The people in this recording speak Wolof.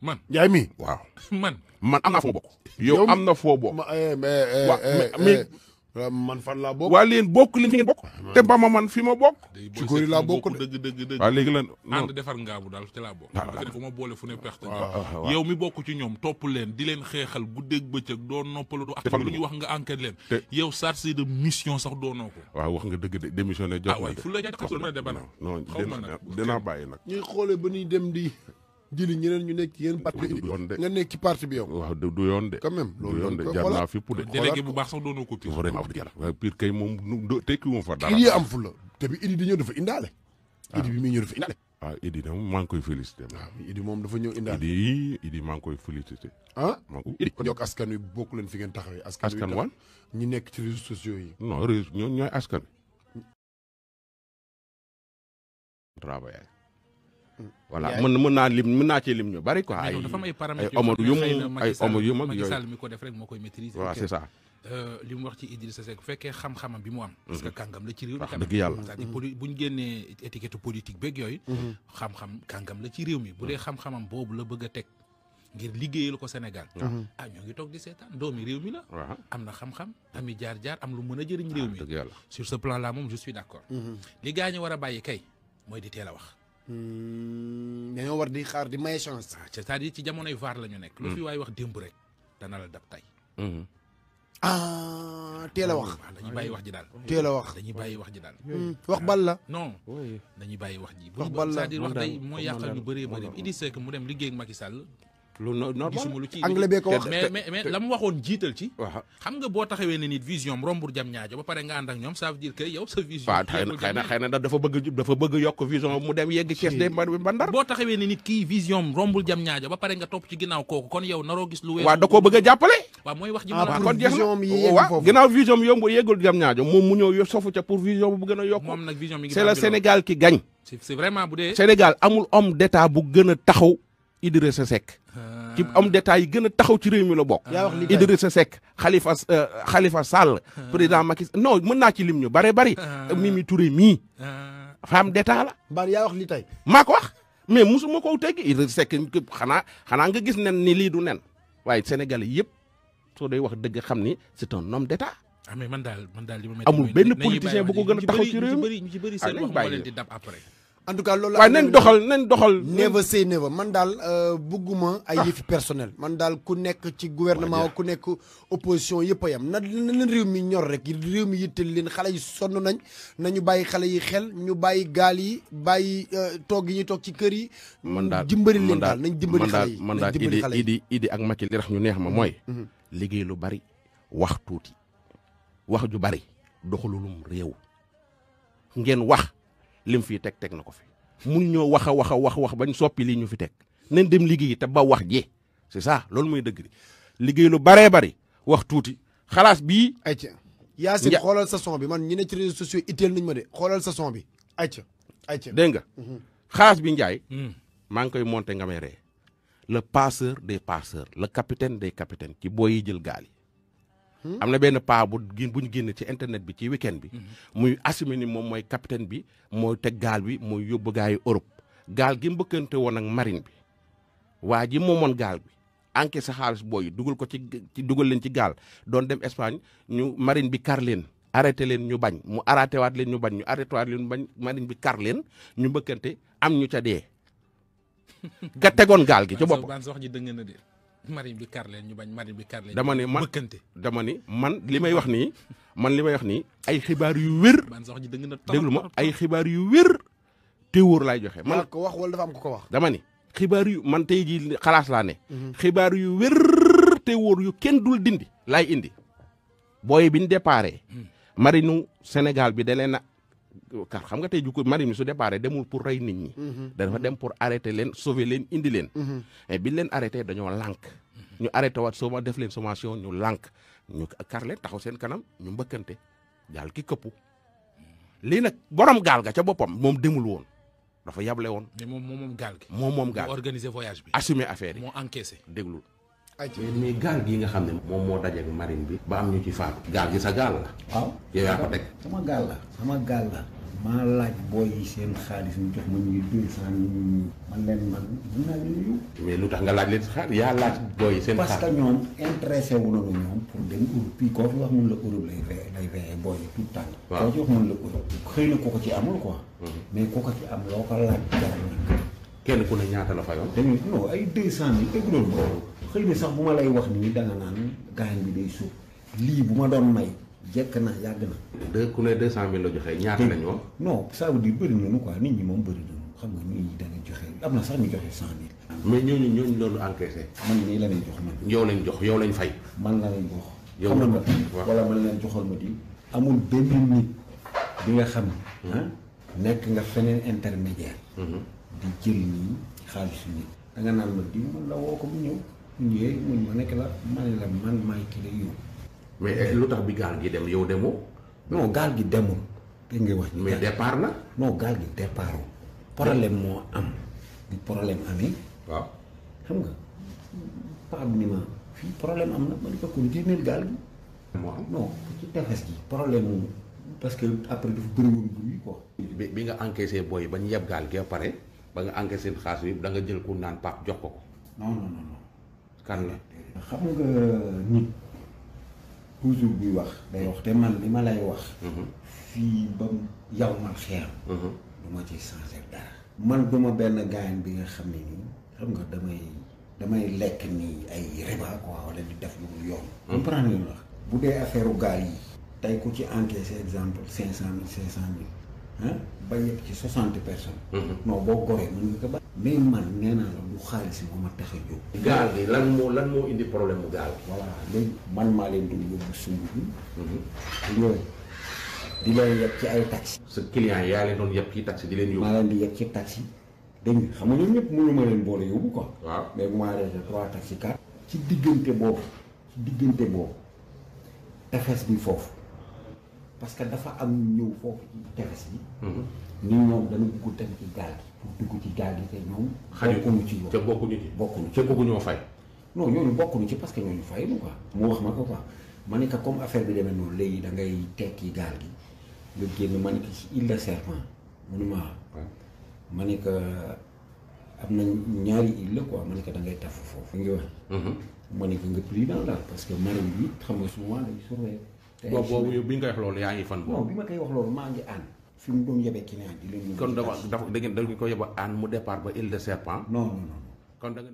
man Ndiaye mii waaw. man man am naa foo bokk. yow am na foo bokk. man fan laa bokk. waa léegi bokk li ngeen bokk. te ba ma man fi ma bokk. ci góor yi laa bokk dëgg dëgg dëgg. waa léegi lan ànd defar ngaabu daal ci la bokk. waaw fu ma boole fu ne perte yow mi bokk ci ñoom topp leen di leen xeexal guddeeg bëccëg doo noppalatu ak lu ñuy wax nga enquête leen. yow chargé de mission sax doonoo ko. waaw wax nga dëgg de démissionné. jot na de ah waay la jaajëfal ma ne de ba na. non dinaa bàyyi nag. ñuy xoolee ba ñuy dem di. jëli ñeneen ñu nekk ci yéen parti bi nga nekk ci parti bi yow waaw du yoon de quand même yoon de jaar fi pour de bu baax sax doonoo ko pire vraiment wax dëgg yàlla pire kay moom tekki moom fa dara idi am fu la te bi idi di ñëw dafa indaale ah. idi bi muy ñëw dafa indaale waaw idi nag maa ngi koy félicité waaw ah, idi moom dafa ñëw indaale idi idi maa ngi koy félicité ah maa ngi idi kon wi bokk leen fi ngeen taxawee askan wan ñi nekk ci réseaux sociaux yi non réseau ñooy askan travail voilà mën mën naa lim mën naa cee lim ñu bari quoi. ay ay Omar yu mu ay Omar yu mag yooyu Macky Sall mi ko def rek moo koy maîtriser. waaw c'est ça. Euh, li mu wax ci Idrissa Seck bu fekkee xam-xamam bi mu am. parce mhm. yooyu. Mhm. xam-xam kàngam la ci réew mi bu dee mhm. xam-xamam boobu la bëgg a teg. ngir liggéeyal ko Sénégal. Ah, ah ñoo ngi toog di seetaan doomi réew mi la. am na xam-xam ami jaar-jaar am lu mën a jëriñ réew ah, mi. sur ce plan là moom je d'accord. li gaa ñu war a bàyyi kay mooy di teel a wax Hmm, dañoo war di xaar di may chance. waaw ah, cest à ci jamonoy vaar la ñu nekk. lu fi hmm. waaye wax démb rek dana la dab tey. Hmm. ah teel a wax. Ah, dañuy bàyyi wax ji daal. teel a wax dañuy bàyyi wax ji daal. wax bal la. non dañuy bàyyi wax ji. wax bal la c'est-à-dire wax day mooy yàqal lu bëree bëri Idrissa Seck mu dem liggéey ak Macky Sall lu wax mais mais la mu waxoon jiital ci. waaw xam nga a taxawee ne nit vision rombul jam ñaajo ba pare nga ànd ak ñoom ça veut dire que sa vision. mu dem yegg Cees de ba Ndar. boo taxawee ne nit kii vision rombul jam ñaajo ba pare nga topp ci ginnaaw kooku kon yow naroo lu wér waaw da koo a jàppale. waaw mooy wax ji ah, mu kon jeex na moom mu ñëw sofu ca pour vision bu gën a yokk. moom Sénégal qui gagne. c'est vraiment bu dee Sénégal amul homme d'état bu gën a taxaw Idrissa Seck ah. ci am yi gën a taxaw ci réew mi la bokk Idrissa Seck Khalifa euh, Khalifa Sall ah. président Macky non mën naa ci lim ñu bare bari mii ah. mi Touré mii femme ah. detaa la ban yaa wax li tey maa ko wax mais mosuma ko sekk Idrissa xanaa xanaa nga gis nen ni lii du nen waaye Sénégalais yëpp soo day wax dëgg xam ni c'est un homme d'état ah mais man daal amul benn politicien bu ko a taxaw ci réew mi ñu ci bëri seen en tout cas loolu waaye nañ doxal nañ doxal never say never man daal euh, bëgguma ay ah. yëfi personnel man daal ku nekk ci gouvernement ku nekk opposition yëpp yam na na réew mi ñor rek réew mi yitteel leen xale yi sonn nañ nañu bàyyi xale yi xel ñu bàyyi gaal yi bàyyi euh, toog yi ñu toog ci kër yi man daal jimbali leen daal nañ dimbali xale yi man daal idi idi idi ak Macky li tax ñu neex ma mm-hmm. mooy mm-hmm. liggéey lu bari wax tuuti wax ju bari doxalulum réew ngeen wax lim fii teg teg na ko fi mun ñoo wax a wax a wax wax bañ soppi lii ñu fi teg nañ dem liggéey te ba wax ji c'est ça loolu mooy dëgg di liggéey lu baree bari wax tuuti xalaas bii. ayca Yacine xoolal sa son bi man ñi ne ci réseaux sociaux itteel nañ ma de xoolal sa son bi ayca ayca. dégg nga mhm. xalaas bi Ndiaye. Hmm. maa ngi koy monté nga may ree le passeur des passeurs la capitaine de capitaines ci booy yi jël gaal yi. am na benn paa bu bu ñu génnee ci internet bi ci weekend bi. muy assumé ni moom mooy capitaine bi mooy teg gaal bi mooy yóbbu gars Europe. gaal gi mbëkkante woon ak marine bi waa ji moomoon gaal bi encaissé xaalis booy dugal ko ci ci dugal leen ci gaal doon dem Espagne ñu marine bi kar leen. arrêté leen ñu bañ mu arrêté waat leen ñu bañ ñu arrêté waat leen bañ marine bi kar leen ñu bëkkante am ñu ca dee. ga tegoon gaal gi ci boppam. marine bi kar leen ñu bañ marine bi kar dama ne man dama ni man li may wax ni man li may wax nii ay xibaar yu wér. man ji dëgg na ma ay xibaar yu wér te wóor laay joxe. man ko wax wala dafa am ko ko wax. dama xibaar yu man tey jii xalaas laa mhm. xibaar yu wér te wóor yu kenn dul dindi. lay indi booy biñ déparé. Hmm. marinu Sénégal bi car xam nga tey ju ko marine su départ demul pour rey nit ñi. Mm-hmm. dafa dem pour arrêter leen sauver leen indi leen. Mm-hmm. et biñ leen arrêté dañoo lànk. Mm-hmm. ñu arrêté waat soo def leen sommation ñu lànk ñu kar leen taxaw seen kanam ñu mbëkkante gaal ki këppu lii nag borom gaal ga ca boppam moom demul woon dafa yable woon. mais moom moom gaal moom moom gaal gi organisé voyage bi. assumer affaire yi moo encaissé mais gaal gi nga xam ne moom moo dajeek marine bi ba am ñu ci faatu gaal gi sa gaal la waaw yow yaa ko teg sama gaal la sama gaal la maa laaj booy yi seen xaalis ñu jox ma ñuy deux cent man leen man mun naa leen mais lu tax nga laaj leen xaalis yaa laaj booy yi seen xaalis parce que ñoom intéressé wu na la ñoom pour dem Europe puis koo fi wax mun la Europe lay fee lay fee booy yi tout temps koo mun la Europe xëy na ku ko ci amul quoi mm-hmm. mais ku ko ci am loo ko laaj jar kenn ku ne ñaata la fayoon. dañuy non ay deux cent mille teg loolu moom oh. xëy na sax bu ma lay wax nii danga naan gaañ bi day suuf lii bu ma doon may jekk na yàgg na. deux ku ne la joxe ñaata la ñoom. non ça veut bëri bëri nañu quoi nit ñi moom bëri nañu xam nga nit ñi da nga joxe am na sax ñu joxe cent mille. mais ñu ñooñu loolu encaissé. man nii la leen jox man. yow lañ jox yow lañ fay. man la leen jox. yow la ma wala man ma di. amul benn bi nga xam. Hmm? Ah, nekk nga feneen intermédiaire. Hmm. di jël nii xaalis nii da nga naan ma diw man la woo ko mu ñëw mu ñëwee ma nekk la ma ne la man maay ki la mais lu tax bi gaal gi dem yow demoo. non gaal gi demul. dégg nga wax mais na. non gaal gi départ problème moo am. di problème amee. waaw nga paa bi ni ma fii problème am na ma ne ko kon génneel gaal gi. waaw non ci tefes gi problème mu parce que après dafa bëri bu ñuy quoi. bi bi nga encaissé booy ba ñu yeb gaal gi ba pare. ba nga encaissé seen xaalis bi da nga jël ku naan paap jox ko ko. non non non. kan la. xam nga nit toujours buy wax day wax te man li ma lay wax. Mhm. fii ba yow man xeer. Mhm. du ma ci changer dara. man duma benn gaañ bi nga xam ne nii xam nga damay damay lekk nii ay riba quoi wala di def lu yoon. Mhm. comprendre nga bu dee affaire gaal yi. tey ku ci encaissé exemple cinq cent mille cinq cent mille. ba yëpp ci soixante personnes. Mhm. non boo goree mën nga ko ba. mais man nee la du xaalis moo ma tax a gaal gi lan moo lan moo indi problème mu gaal gi. voilà man maa leen doon yóbbu suñu bi. yooyu mhm. di leen yeb ci ay taxi. sa client yaa leen doon yeb ci taxi di leen yóbbu. maa leen di yeb ci taxi. dégg xam nga ñoom ñëpp mënu ma leen boole yóbbu quoi. waaw mais bu ma trois taxi quatre. ci diggante boobu ci diggante boobu tefes bi foofu. parce que dafa am ñëw foofu ci tefes bi. Mhm. ni ñoom dañu bugg dem ci gaal gi. ci gaal gi te ñoom. bokkuñu ci ñoom te bokkuñu ci bokkuñu ci bokkuñoo fay. non ñooñu bokkuñu ci parce que ñooñu fayuñu quoi. mu wax ma ko quoi ma ne que comme affaire bi demee noonu léegi da ngay tekki gaal gi nga génn ma ne que ci île de serpent mënuma waaw ma ne que am na ñaari île la quoi ma ne que da ngay tafu foofu. ngi wax mhm. ma ne que nga pris dans daal parce que marine bi xam nga souvent day surveiller. boobu bi nga koy wax loolu yaa ngi fan boobu bi ma koy wax loolu maa ngi ànd fi mu doon yebee client di leen kon dafa dafa da ngeen da ngeen ànd mu départ ba Île de Serpent non non kon da nga